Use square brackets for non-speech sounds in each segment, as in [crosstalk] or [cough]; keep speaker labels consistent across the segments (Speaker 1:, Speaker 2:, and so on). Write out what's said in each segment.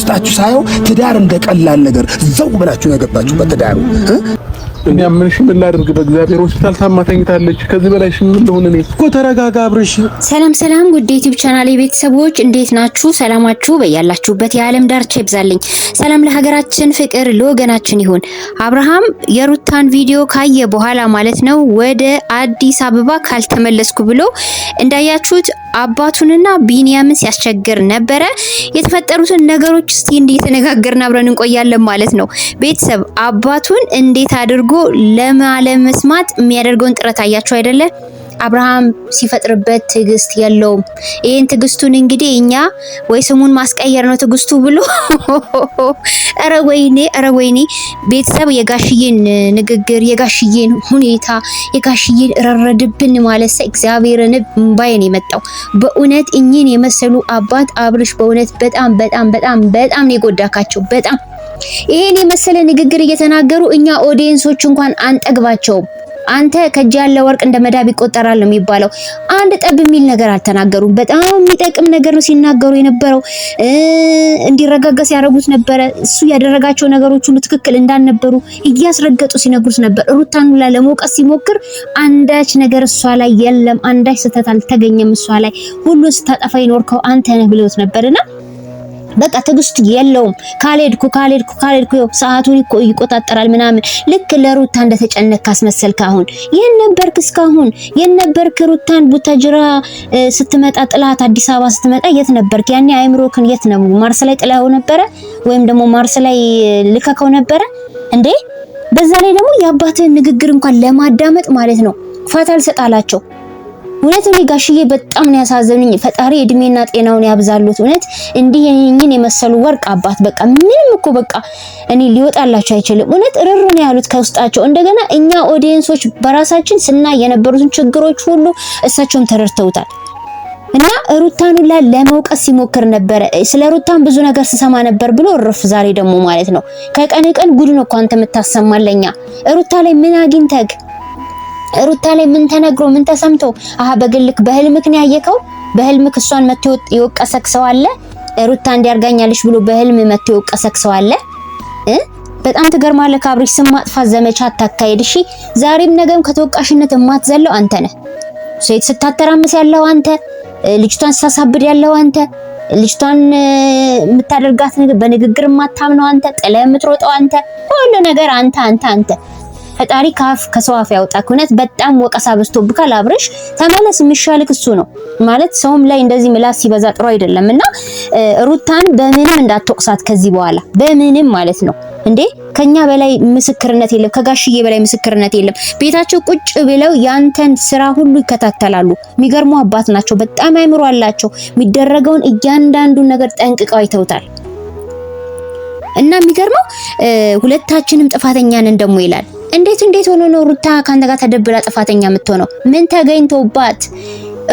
Speaker 1: ውስጣችሁ ሳየው ትዳር እንደቀላል ነገር ዘው ብላችሁ ነው ትዳሩ
Speaker 2: እኔ አምንሽ ምን ላድርግ? በእግዚአብሔር ሆስፒታል ታማ ተኝታለች። ከዚህ በላይ ምን ልሆን እኔ እኮ ተረጋጋ አብርሽ።
Speaker 3: ሰላም ሰላም፣ ውድ ዩቲዩብ ቻናል ቤተሰቦች እንዴት ናችሁ? ሰላማችሁ በያላችሁበት የዓለም ዳርቻ ይብዛልኝ። ሰላም ለሀገራችን፣ ፍቅር ለወገናችን ይሁን። አብርሃም የሩታን ቪዲዮ ካየ በኋላ ማለት ነው ወደ አዲስ አበባ ካልተመለስኩ ብሎ እንዳያችሁት አባቱንና ቢንያምን ሲያስቸግር ነበረ። የተፈጠሩትን ነገሮች እስቲ እንዴት ተነጋገርን አብረን እንቆያለን ማለት ነው። ቤተሰብ አባቱን እንዴት አድርጎ አድርጎ ለማለመስማት የሚያደርገውን ጥረት አያቸው አይደለ? አብርሃም ሲፈጥርበት ትዕግስት የለውም። ይህን ትዕግስቱን እንግዲህ እኛ ወይ ስሙን ማስቀየር ነው ትዕግስቱ ብሎ ኧረ [laughs] ወይኔ ኧረ ወይኔ ቤተሰብ የጋሽዬን ንግግር፣ የጋሽዬን ሁኔታ፣ የጋሽዬን ረረድብን ማለት ሰ እግዚአብሔርን ባይን የመጣው በእውነት እኚህን የመሰሉ አባት አብርሽ በእውነት በጣም በጣም በጣም በጣም ነው የጎዳካቸው በጣም ይሄን የመሰለ ንግግር እየተናገሩ እኛ ኦዲየንሶች እንኳን አንጠግባቸውም። አንተ ከእጅ ያለ ወርቅ እንደ መዳብ ይቆጠራል ነው የሚባለው። አንድ ጠብ የሚል ነገር አልተናገሩም። በጣም የሚጠቅም ነገር ነው ሲናገሩ የነበረው። እንዲረጋገስ ያደረጉት ነበረ። እሱ ያደረጋቸው ነገሮች ሁሉ ትክክል እንዳልነበሩ እያስረገጡ ሲነግሩት ነበር። ሩታን ሁላ ለመውቀስ ሲሞክር አንዳች ነገር እሷ ላይ የለም፣ አንዳች ስህተት አልተገኘም እሷ ላይ ሁሉን ስታጠፋ ይኖርከው አንተ ነህ ብለውት ነበርና በቃ ትግስት የለውም። ካልሄድኩ ካልሄድኩ ካልሄድኩ ሰዓቱን ይቆጣጠራል ምናምን። ልክ ለሩታ እንደተጨነቅ ካስመሰልክ አሁን የት ነበርክ? እስካሁን የት ነበርክ? ሩታን ቡታጅራ ስትመጣ ጥላት አዲስ አበባ ስትመጣ የት ነበርክ? ያኔ አይምሮክን የት ነው? ማርስ ላይ ጥላው ነበረ ወይም ደግሞ ማርስ ላይ ልከከው ነበረ እንዴ? በዛ ላይ ደግሞ የአባትህን ንግግር እንኳን ለማዳመጥ ማለት ነው ፋታ አልሰጣላቸው እውነት እኔ ጋሽዬ በጣም ነው ያሳዘኑኝ። ፈጣሪ እድሜና ጤናውን ያብዛሉት። እውነት እንዲህ የኔን የመሰሉ ወርቅ አባት በቃ ምንም እኮ በቃ እኔ ሊወጣላቸው አይችልም። እውነት ርር ነው ያሉት ከውስጣቸው። እንደገና እኛ ኦዲየንሶች በራሳችን ስናይ የነበሩትን ችግሮች ሁሉ እሳቸውም ተረድተውታል። እና ሩታን ሁላ ለመውቀስ ሲሞክር ነበረ። ስለ ሩታን ብዙ ነገር ስሰማ ነበር ብሎ እርፍ። ዛሬ ደግሞ ማለት ነው ከቀን ቀን ጉድ ነው እኮ አንተ የምታሰማለኛ ሩታ ላይ ምን አግኝተህ ሩታ ላይ ምን ተነግሮ ምን ተሰምቶ አሀ በግልክ በህልምክ ነው ያየከው? በህልምክ እሷን መጥቶ የወቀሰክ ሰው አለ? ሩታ እንዲያርጋኛለሽ ብሎ በህልም መጥቶ የወቀሰክ ሰው አለ? በጣም ትገርማለህ። አብርሽ ስም ማጥፋት ዘመቻ አታካሄድ እሺ። ዛሬም ነገም ከተወቃሽነት የማትዘለው አንተ ነህ። ሴት ስታተራምስ ያለው አንተ፣ ልጅቷን ስታሳብድ ያለው አንተ፣ ልጅቷን የምታደርጋት በንግግር የማታምነው አንተ፣ ጥለህ የምትሮጠው አንተ፣ ሁሉ ነገር አንተ አንተ አንተ ፈጣሪ ካፍ ከሰው አፍ ያውጣክ። እውነት በጣም ወቀሳ በዝቶብካል አብርሽ፣ ተመለስ። የሚሻልክ እሱ ነው ማለት ሰውም ላይ እንደዚህ ምላስ ሲበዛ ጥሩ አይደለም። እና ሩታን በምንም እንዳትወቅሳት ከዚህ በኋላ በምንም ማለት ነው እንዴ ከኛ በላይ ምስክርነት የለም። ከጋሽዬ በላይ ምስክርነት የለም። ቤታቸው ቁጭ ብለው ያንተን ስራ ሁሉ ይከታተላሉ። የሚገርሙ አባት ናቸው። በጣም አይምሮ አላቸው። የሚደረገውን እያንዳንዱን ነገር ጠንቅቀው አይተውታል። እና የሚገርመው ሁለታችንም ጥፋተኛ ነን ደግሞ ይላል። እንዴት እንዴት ሆኖ ነው ሩታ ካንተ ጋር ተደብራ ጥፋተኛ የምትሆነው? ምን ተገኝቶባት?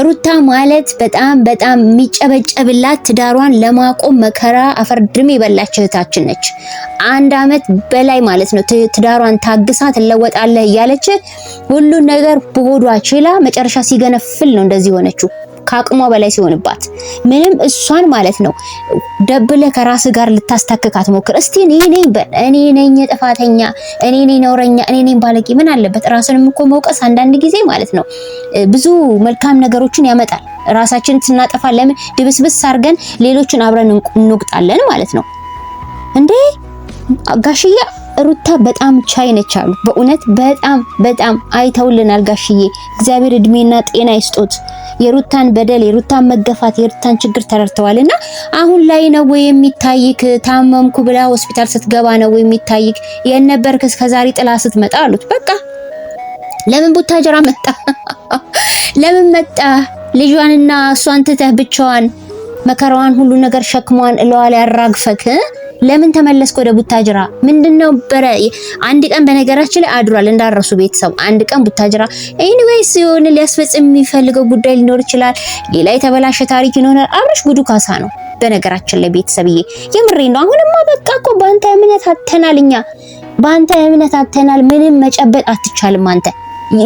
Speaker 3: ሩታ ማለት በጣም በጣም የሚጨበጨብላት ትዳሯን ለማቆም መከራ አፈር ድሜ የበላች እህታችን ነች። አንድ አመት በላይ ማለት ነው ትዳሯን ታግሳ ትለወጣለህ እያለች ሁሉን ነገር በሆዷ ችላ መጨረሻ ሲገነፍል ነው እንደዚህ ሆነችው። ከአቅሟ በላይ ሲሆንባት ምንም እሷን ማለት ነው ደብለ ከራስ ጋር ልታስታክካት ሞክር። እስቲ እኔ ነኝ እኔ ነኝ ጥፋተኛ፣ እኔ ነኝ ነውረኛ፣ እኔ ነኝ ባለቂ። ምን አለበት ራስንም እኮ መውቀስ አንዳንድ ጊዜ ማለት ነው ብዙ መልካም ነገሮችን ያመጣል። ራሳችን ስናጠፋ ለምን ድብስብስ አድርገን ሌሎችን አብረን እንቁጣለን ማለት ነው እንዴ ጋሽያ ሩታ በጣም ቻይ ነች አሉ። በእውነት በጣም በጣም አይተውልናል ጋሽዬ። እግዚአብሔር እድሜና ጤና ይስጦት። የሩታን በደል፣ የሩታን መገፋት፣ የሩታን ችግር ተረድተዋልና አሁን ላይ ነው ወይ የሚታይክ? ታመምኩ ብላ ሆስፒታል ስትገባ ነው ወይ የሚታይክ? የነበርክ እስከዛሬ ጥላ ስትመጣ አሉት። በቃ ለምን ቡታጀራ መጣ? [laughs] ለምን መጣ? ልጇንና እሷን ትተህ ብቻዋን መከራዋን ሁሉ ነገር ሸክሟን እለዋ ያራግፈክ ለምን ተመለስክ ወደ ቡታጅራ? ምንድነው በረ አንድ ቀን በነገራችን ላይ አድሯል እንዳረሱ ቤተሰብ አንድ ቀን ቡታጅራ። ኤኒዌይስ የሆነ ሊያስፈጽም የሚፈልገው ጉዳይ ሊኖር ይችላል። ሌላ የተበላሸ ታሪክ ይኖራል። አብርሽ ጉዱ ካሳ ነው በነገራችን ላይ ቤተሰብዬ፣ የምሬ ነው። አሁንማ በቃ እኮ በአንተ እምነት አተናል እኛ በአንተ እምነት አተናል። ምንም መጨበጥ አትቻልም አንተ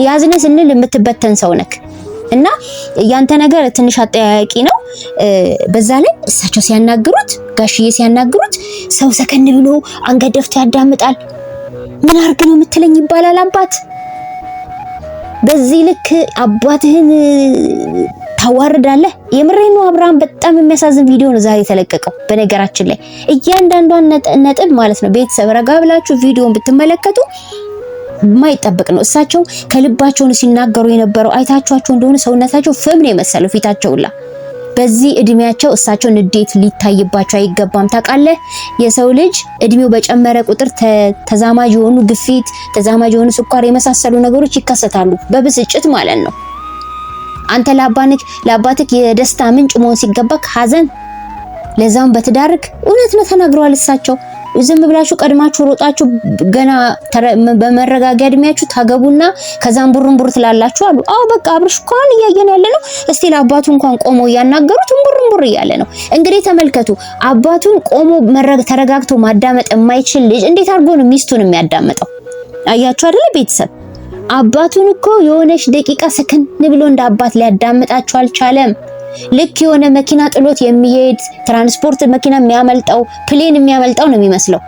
Speaker 3: ያዝነ ስንል የምትበተን ሰው ነክ እና ያንተ ነገር ትንሽ አጠያያቂ ነው። በዛ ላይ እሳቸው ሲያናግሩት፣ ጋሽዬ ሲያናግሩት ሰው ሰከን ብሎ አንገት ደፍቶ ያዳምጣል። ምን አርግ ነው የምትለኝ ይባላል አባት። በዚህ ልክ አባትህን ታዋርዳለህ። ነው አብርሃም በጣም የሚያሳዝን ቪዲዮ ነው ዛሬ የተለቀቀው። በነገራችን ላይ እያንዳንዷን ነጥብ ማለት ነው ቤተሰብ ረጋ ብላችሁ ቪዲዮን ብትመለከቱ የማይጠበቅ ነው። እሳቸው ከልባቸውን ሲናገሩ የነበረው አይታችኋቸው እንደሆነ ሰውነታቸው ፍም ነው የመሰለው ፊታቸውላ። በዚህ እድሜያቸው እሳቸው ንዴት ሊታይባቸው አይገባም። ታውቃለህ፣ የሰው ልጅ እድሜው በጨመረ ቁጥር ተዛማጅ የሆኑ ግፊት፣ ተዛማጅ የሆኑ ስኳር የመሳሰሉ ነገሮች ይከሰታሉ፣ በብስጭት ማለት ነው። አንተ ለአባንክ ለአባትክ የደስታ ምንጭ መሆን ሲገባክ ሀዘን ለዛም በትዳርክ እውነት ነው ተናግረዋል እሳቸው። ዝም ብላችሁ ቀድማችሁ ሮጣችሁ ገና በመረጋጊያ እድሜያችሁ ታገቡና ከዛም ቡርንቡር ትላላችሁ አሉ። አዎ በቃ አብርሽ እንኳን እያየን ያለ ነው። እስቲ ለአባቱ እንኳን ቆሞ እያናገሩት ቡርንቡር እያለ ነው። እንግዲህ ተመልከቱ፣ አባቱን ቆሞ ተረጋግቶ ማዳመጥ የማይችል ልጅ እንዴት አድርጎ ነው ሚስቱን የሚያዳምጠው? አያችሁ አይደለ ቤተሰብ አባቱን እኮ የሆነች ደቂቃ ስክን ብሎ እንደ አባት ሊያዳምጣቸው አልቻለም። ልክ የሆነ መኪና ጥሎት የሚሄድ ትራንስፖርት መኪና የሚያመልጠው ፕሌን የሚያመልጠው ነው የሚመስለው።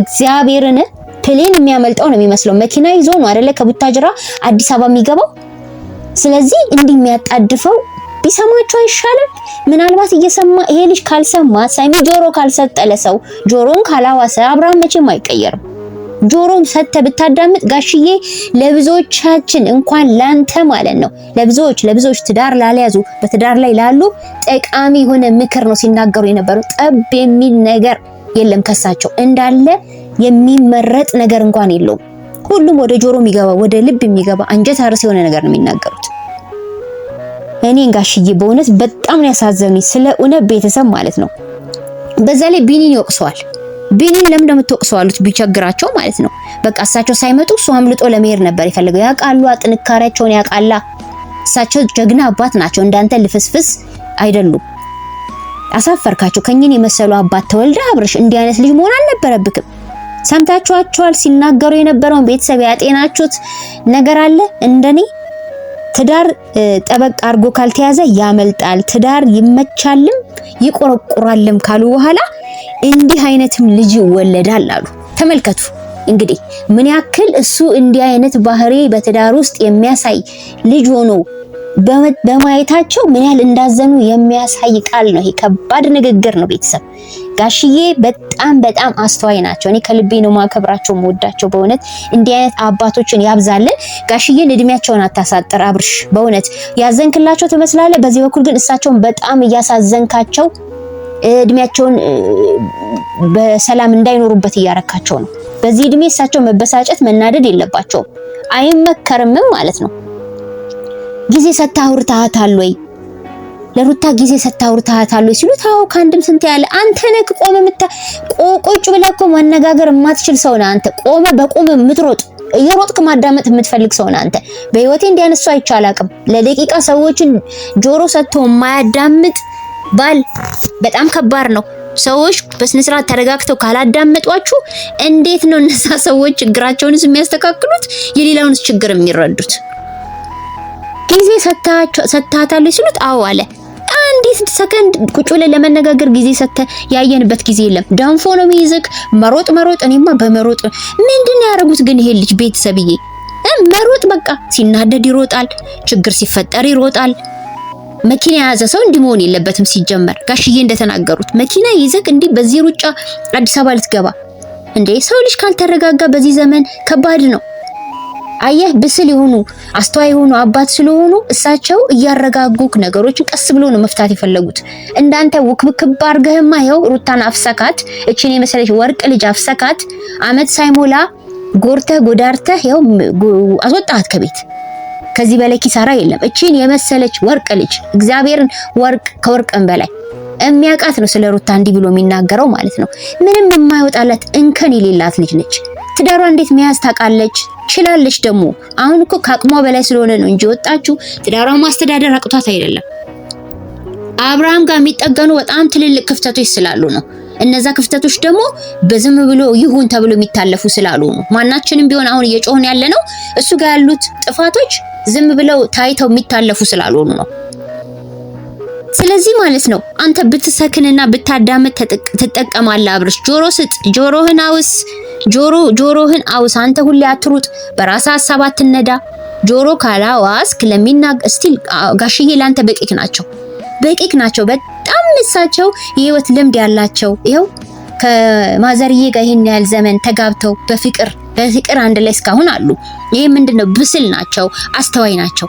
Speaker 3: እግዚአብሔርን ፕሌን የሚያመልጠው ነው የሚመስለው። መኪና ይዞ ነው አይደለ ከቡታጅራ አዲስ አበባ የሚገባው። ስለዚህ እንዲህ የሚያጣድፈው ቢሰማቸው አይሻልም? ምናልባት እየሰማ ይሄ ልጅ ካልሰማ ሳይሚ ጆሮ ካልሰጠለ ሰው ጆሮን ካላዋሰ አብርሃም መቼም አይቀየርም። ጆሮም ሰጥተህ ብታዳምጥ ጋሽዬ ለብዙዎቻችን እንኳን ላንተ ማለት ነው ለብዙዎች ለብዙዎች ትዳር ላልያዙ በትዳር ላይ ላሉ ጠቃሚ የሆነ ምክር ነው ሲናገሩ የነበረው። ጠብ የሚል ነገር የለም ከሳቸው እንዳለ የሚመረጥ ነገር እንኳን የለውም። ሁሉም ወደ ጆሮ የሚገባ ወደ ልብ የሚገባ አንጀት አርስ የሆነ ነገር ነው የሚናገሩት። እኔን ጋሽዬ በእውነት በጣም ነው ያሳዘኑኝ። ስለ እውነት ቤተሰብ ማለት ነው። በዛ ላይ ቢኒን ይወቅሰዋል። ቢኒን ለምን እንደምትወቅሰው አሉት። ቢቸግራቸው ማለት ነው። በቃ እሳቸው ሳይመጡ እሱ አምልጦ ለመሄድ ነበር የፈለገው። ያውቃሉ፣ ጥንካሬያቸውን ያውቃላ። እሳቸው ጀግና አባት ናቸው። እንዳንተ ልፍስፍስ አይደሉም። አሳፈርካቸው። ከኝን የመሰሉ አባት ተወልደ አብርሽ እንዲህ አይነት ልጅ መሆን አልነበረብክም። ሰምታችኋቸዋል ሲናገሩ የነበረውን ቤተሰብ ያጤናችሁት ነገር አለ እንደኔ ትዳር ጠበቅ አድርጎ ካልተያዘ ያመልጣል። ትዳር ይመቻልም ይቆረቁራልም ካሉ በኋላ እንዲህ አይነትም ልጅ ይወለዳል አሉ። ተመልከቱ እንግዲህ ምን ያክል እሱ እንዲህ አይነት ባህሪ በትዳር ውስጥ የሚያሳይ ልጅ ሆኖ በማየታቸው ምን ያህል እንዳዘኑ የሚያሳይ ቃል ነው። ይሄ ከባድ ንግግር ነው። ቤተሰብ ጋሽዬ በጣም በጣም አስተዋይ ናቸው። እኔ ከልቤ ነው ማከብራቸው፣ መወዳቸው። በእውነት እንዲህ አይነት አባቶችን ያብዛልን። ጋሽዬን እድሜያቸውን አታሳጥር አብርሽ። በእውነት ያዘንክላቸው ትመስላለህ። በዚህ በኩል ግን እሳቸውን በጣም እያሳዘንካቸው እድሜያቸውን በሰላም እንዳይኖሩበት እያረካቸው ነው። በዚህ እድሜ እሳቸው መበሳጨት፣ መናደድ የለባቸውም አይመከርምም ማለት ነው። ጊዜ ሰጥተህ አውርተሃታል ወይ ለሩታ ጊዜ ሰጥተህ አውርተሃታል ወይ ሲሉት አዎ ከአንድም ስንት ያለ አንተ ነህ ቆመ ምታ ቁጭ ብለህ እኮ መነጋገር የማትችል ሰው ነህ አንተ። ቆመ በቁም የምትሮጥ እየሮጥክ ማዳመጥ የምትፈልግ ሰው ነህ አንተ። በህይወቴ እንዲያነሱ አይቻል ለደቂቃ ሰዎችን ጆሮ ሰጥቶ የማያዳምጥ ባል በጣም ከባድ ነው። ሰዎች በስነ ስርዓት ተረጋግተው ካላዳመጧችሁ እንዴት ነው እነዛ ሰዎች ችግራቸውንስ የሚያስተካክሉት የሌላውንስ ችግር የሚረዱት? ጊዜ ሰታታለች ሲሉት አዎ አለ። አንዲት ሰከንድ ቁጭ ብለን ለመነጋገር ጊዜ ሰተ ያየንበት ጊዜ የለም። ዳንፎ ነው ሚይዝክ መሮጥ መሮጥ። እኔማ በመሮጥ ምንድን ያደረጉት ግን ይሄ ልጅ ቤተሰብዬ መሮጥ በቃ ሲናደድ ይሮጣል፣ ችግር ሲፈጠር ይሮጣል። መኪና የያዘ ሰው እንዲህ መሆን የለበትም። ሲጀመር ጋሽዬ እንደተናገሩት መኪና ይዘህ እንዲህ በዚህ ሩጫ አዲስ አበባ ልትገባ እንዴ? ሰው ልጅ ካልተረጋጋ በዚህ ዘመን ከባድ ነው። አየህ ብስል የሆኑ አስተዋይ የሆኑ አባት ስለሆኑ እሳቸው እያረጋጉ ነገሮችን ቀስ ብሎ ነው መፍታት የፈለጉት። እንዳንተ ውክብክብ አርገህማ ይኸው ሩታን አፍሰካት፣ እችን የመሰለች ወርቅ ልጅ አፍሰካት። አመት ሳይሞላ ጎርተህ ጎዳርተህ ይኸው አስወጣሃት ከቤት ከዚህ በላይ ኪሳራ የለም። እቺን የመሰለች ወርቅ ልጅ እግዚአብሔርን ወርቅ ከወርቅም በላይ የሚያውቃት ነው ስለ ሩታ እንዲህ ብሎ የሚናገረው ማለት ነው። ምንም የማይወጣላት እንከን የሌላት ልጅ ነች። ትዳሯ እንዴት መያዝ ታውቃለች፣ ችላለች ደግሞ። አሁን እኮ ከአቅሟ በላይ ስለሆነ ነው እንጂ ወጣችሁ ትዳሯ ማስተዳደር አቅቷት አይደለም። አብርሃም ጋር የሚጠገኑ በጣም ትልልቅ ክፍተቶች ስላሉ ነው። እነዛ ክፍተቶች ደግሞ በዝም ብሎ ይሁን ተብሎ የሚታለፉ ስላሉ ነው። ማናችንም ቢሆን አሁን እየጮህን ያለ ነው እሱ ጋር ያሉት ጥፋቶች ዝም ብለው ታይተው የሚታለፉ ስላልሆኑ ነው። ስለዚህ ማለት ነው አንተ ብትሰክንና ብታዳምጥ ትጠቀማለህ። አብርሽ ጆሮ ስጥ፣ ጆሮህን አውስ፣ ጆሮ ጆሮህን አውስ። አንተ ሁሌ አትሩጥ፣ በራስ ሀሳብ አትነዳ። ጆሮ ካላዋስክ ለሚናገር እስቲል ጋሽዬ ላንተ በቂክ ናቸው፣ በቂክ ናቸው። በጣም እሳቸው የህይወት ልምድ ያላቸው ይኸው ከማዘርዬ ጋር ይሄን ያህል ዘመን ተጋብተው በፍቅር በፍቅር አንድ ላይ እስካሁን አሉ። ይሄ ምንድነው? ብስል ናቸው፣ አስተዋይ ናቸው።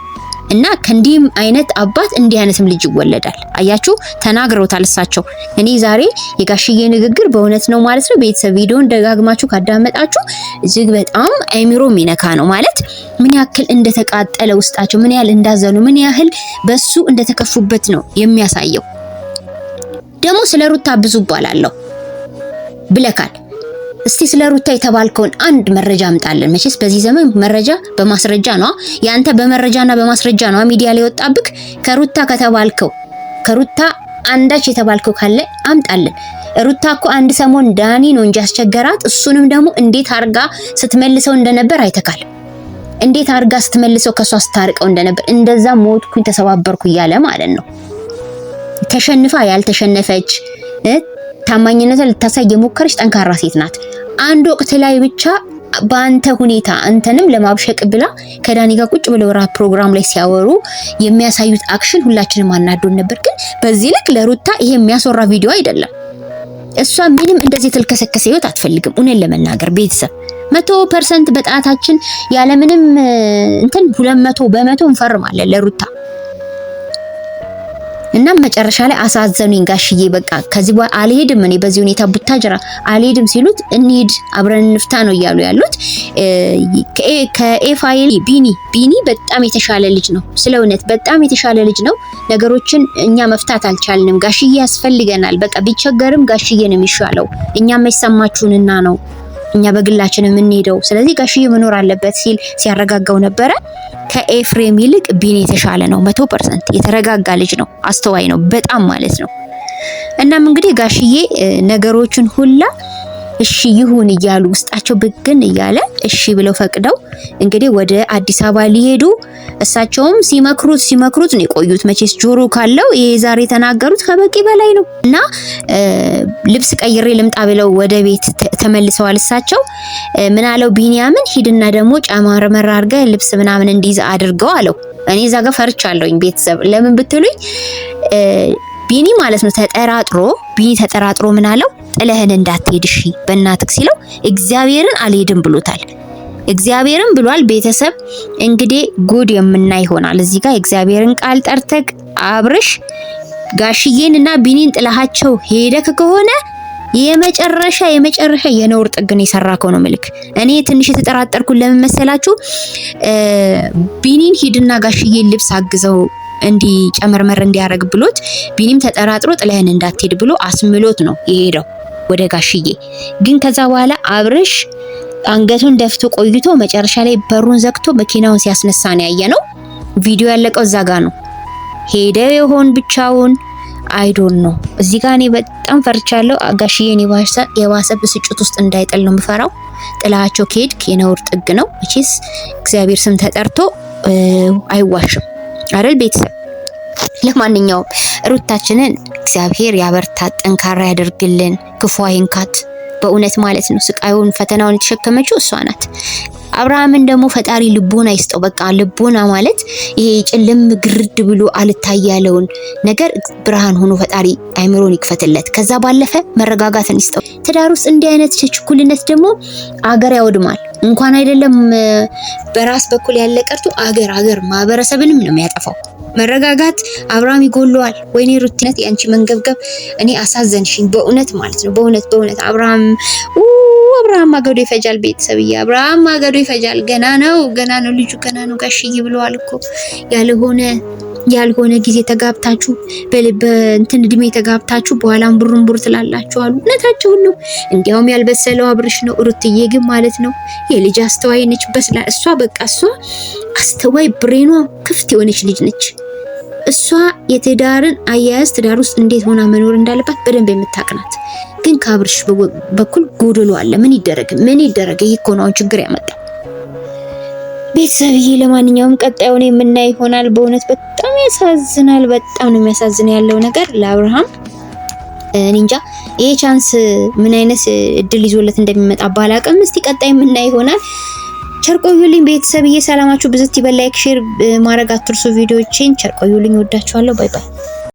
Speaker 3: እና ከእንዲህም አይነት አባት እንዲህ አይነትም ልጅ ይወለዳል። አያችሁ ተናግረውታል እሳቸው። እኔ ዛሬ የጋሽዬ ንግግር በእውነት ነው ማለት ነው። ቤተሰብ ቪዲዮን ደጋግማችሁ ካዳመጣችሁ እጅግ በጣም አይምሮ የሚነካ ነው ማለት ምን ያክል እንደተቃጠለ ውስጣቸው፣ ምን ያህል እንዳዘኑ፣ ምን ያህል በሱ እንደተከፉበት ነው የሚያሳየው። ደግሞ ስለ ሩታ ብዙ እባላለሁ ብለካል እስቲ ስለ ሩታ የተባልከውን አንድ መረጃ አምጣለን። መቼስ በዚህ ዘመን መረጃ በማስረጃ ነው። ያንተ በመረጃና በማስረጃ ነው ሚዲያ ላይ ወጣብክ። ከሩታ ከተባልከው ከሩታ አንዳች የተባልከው ካለ አምጣለን። ሩታ እኮ አንድ ሰሞን ዳኒ ነው እንጂ አስቸገራት። እሱንም ደግሞ እንዴት አርጋ ስትመልሰው እንደነበር አይተካል። እንዴት አርጋ ስትመልሰው ከሷ ስታርቀው እንደነበር እንደዛ ሞትኩኝ፣ ተሰባበርኩ እያለ ማለት ነው። ተሸንፋ ያልተሸነፈች ታማኝነትን ልታሳይ የሞከረች ጠንካራ ሴት ናት። አንድ ወቅት ላይ ብቻ በአንተ ሁኔታ አንተንም ለማብሸቅ ብላ ከዳኒ ጋር ቁጭ ብለው ፕሮግራም ላይ ሲያወሩ የሚያሳዩት አክሽን ሁላችንም አናዶን ነበር። ግን በዚህ ልክ ለሩታ ይሄ የሚያስወራ ቪዲዮ አይደለም። እሷ ምንም እንደዚህ የተልከሰከሰ ህይወት አትፈልግም። እውነት ለመናገር ቤተሰብ መቶ ፐርሰንት በጣታችን ያለምንም እንትን ሁለት መቶ በመቶ እንፈርማለን ለሩታ እናም መጨረሻ ላይ አሳዘኑኝ ጋሽዬ፣ በቃ ከዚህ በኋላ አልሄድም እኔ በዚህ ሁኔታ ቡታጅራ አልሄድም ሲሉት እንሂድ አብረን እንፍታ ነው እያሉ ያሉት። ከኤፋይል ቢኒ ቢኒ በጣም የተሻለ ልጅ ነው። ስለ እውነት በጣም የተሻለ ልጅ ነው። ነገሮችን እኛ መፍታት አልቻልንም። ጋሽዬ ያስፈልገናል። በቃ ቢቸገርም ጋሽዬ ነው የሚሻለው። እኛም የሰማችሁንና ነው እኛ በግላችን የምንሄደው ስለዚህ ጋሽዬ መኖር አለበት ሲል ሲያረጋጋው ነበረ። ከኤፍሬም ይልቅ ቢኒ የተሻለ ነው። መቶ ፐርሰንት የተረጋጋ ልጅ ነው። አስተዋይ ነው በጣም ማለት ነው። እናም እንግዲህ ጋሽዬ ነገሮችን ሁላ እሺ ይሁን እያሉ ውስጣቸው ብግን እያለ እሺ ብለው ፈቅደው እንግዲህ ወደ አዲስ አበባ ሊሄዱ እሳቸውም ሲመክሩት ሲመክሩት ነው የቆዩት። መቼስ ጆሮ ካለው ይሄ ዛሬ የተናገሩት ከበቂ በላይ ነው እና ልብስ ቀይሬ ልምጣ ብለው ወደ ቤት ተመልሰዋል። እሳቸው ምናለው ቢኒያምን ሂድና ደግሞ ጫማ መር አድርገህ ልብስ ምናምን እንዲይዝ አድርገው አለው። እኔ እዛ ጋር ፈርቻለሁኝ ቤተሰብ ለምን ብትሉኝ ቢኒ ማለት ነው ተጠራጥሮ ቢኒ ተጠራጥሮ ምናለው ጥለህን እንዳትሄድ እሺ በእናትህ ሲለው እግዚአብሔርን አልሄድም ብሎታል። እግዚአብሔርን ብሏል። ቤተሰብ እንግዲህ ጉድ የምናይ ይሆናል። እዚህ ጋር እግዚአብሔርን ቃል ጠርተህ አብርሽ ጋሽዬን እና ቢኒን ጥለሃቸው ሄደክ ከሆነ የመጨረሻ የመጨረሻ የነውር ጥግን የሰራከው ነው ምልክ። እኔ ትንሽ የተጠራጠርኩን ለምን መሰላችሁ? ቢኒን ሂድና ጋሽዬን ልብስ አግዘው እንዲጨመርመር እንዲያደርግ ብሎት ቢኒም ተጠራጥሮ ጥለህን እንዳትሄድ ብሎ አስምሎት ነው የሄደው። ወደ ጋሽዬ። ግን ከዛ በኋላ አብርሽ አንገቱን ደፍቶ ቆይቶ መጨረሻ ላይ በሩን ዘግቶ መኪናውን ሲያስነሳ ነው ያየ ነው። ቪዲዮ ያለቀው እዛ ጋ ነው። ሄደ የሆን ብቻውን አይዶን ነው። እዚህ ጋ እኔ በጣም ፈርቻለሁ። ጋሽዬን የባሰ ብስጭት ውስጥ እንዳይጠል ነው የምፈራው። ጥላቸው ከሄድክ የነውር ጥግ ነው። መቼስ እግዚአብሔር ስም ተጠርቶ አይዋሽም አይደል ቤተሰብ ለማንኛውም ሩታችንን እግዚአብሔር ያበርታት፣ ጠንካራ ያደርግልን፣ ክፉ አይንካት። በእውነት ማለት ነው ስቃዩን ፈተናውን የተሸከመችው እሷ ናት። አብርሃምን ደግሞ ፈጣሪ ልቦና ይስጠው። በቃ ልቦና ማለት ይሄ ጭልም ግርድ ብሎ አልታይ ያለውን ነገር ብርሃን ሆኖ ፈጣሪ አይምሮን ይክፈትለት። ከዛ ባለፈ መረጋጋትን ይስጠው። ትዳር ውስጥ እንዲህ አይነት ችኩልነት ደግሞ አገር ያወድማል። እንኳን አይደለም በራስ በኩል ያለ ቀርቶ አገር አገር ማህበረሰብንም ነው የሚያጠፋው። መረጋጋት አብርሃም ይጎለዋል። ወይኔ ሩቲነት የአንቺ መንገብገብ እኔ አሳዘንሽኝ በእውነት ማለት ነው። በእውነት በእውነት አብርሃም አብርሃም ማገዶ ይፈጃል። ቤተሰብዬ አብርሃም ማገዶ ይፈጃል። ገና ነው፣ ገና ነው፣ ልጁ ገና ነው። ጋሽዬ ብለዋል እኮ ያልሆነ ያልሆነ ጊዜ ተጋብታችሁ በልበ እንትን እድሜ ተጋብታችሁ በኋላም ቡሩን ቡር ትላላችሁ አሉ። እውነታቸውን ነው። እንዲያውም ያልበሰለው አብርሽ ነው። ሩትዬ ግን ማለት ነው የልጅ አስተዋይ ነች። በስላ እሷ በቃ እሷ አስተዋይ ብሬኗ ክፍት የሆነች ልጅ ነች። እሷ የትዳርን አያያዝ ትዳር ውስጥ እንዴት ሆና መኖር እንዳለባት በደንብ የምታቅናት ግን ከአብርሽ በኩል ጎድሎ አለ። ምን ይደረግ ምን ይደረግ? ይህ እኮ ነው ችግር ያመጣው። ቤተሰብዬ፣ ለማንኛውም ቀጣዩን የምናይ ይሆናል። በእውነት በጣም ያሳዝናል። በጣም ነው የሚያሳዝን ያለው ነገር ለአብርሃም እንጃ ይሄ ቻንስ ምን አይነት እድል ይዞለት እንደሚመጣ ባላቅም፣ እስቲ ቀጣይ የምናይ ይሆናል። ቸርቆዩልኝ ቤተሰብዬ፣ ሰላማችሁ ብዝት ይበል። ላይክ ሼር ማድረግ አትርሱ። ቪዲዮዎችን ቸርቆዩልኝ። ወዳችኋለሁ። ባይ ባይ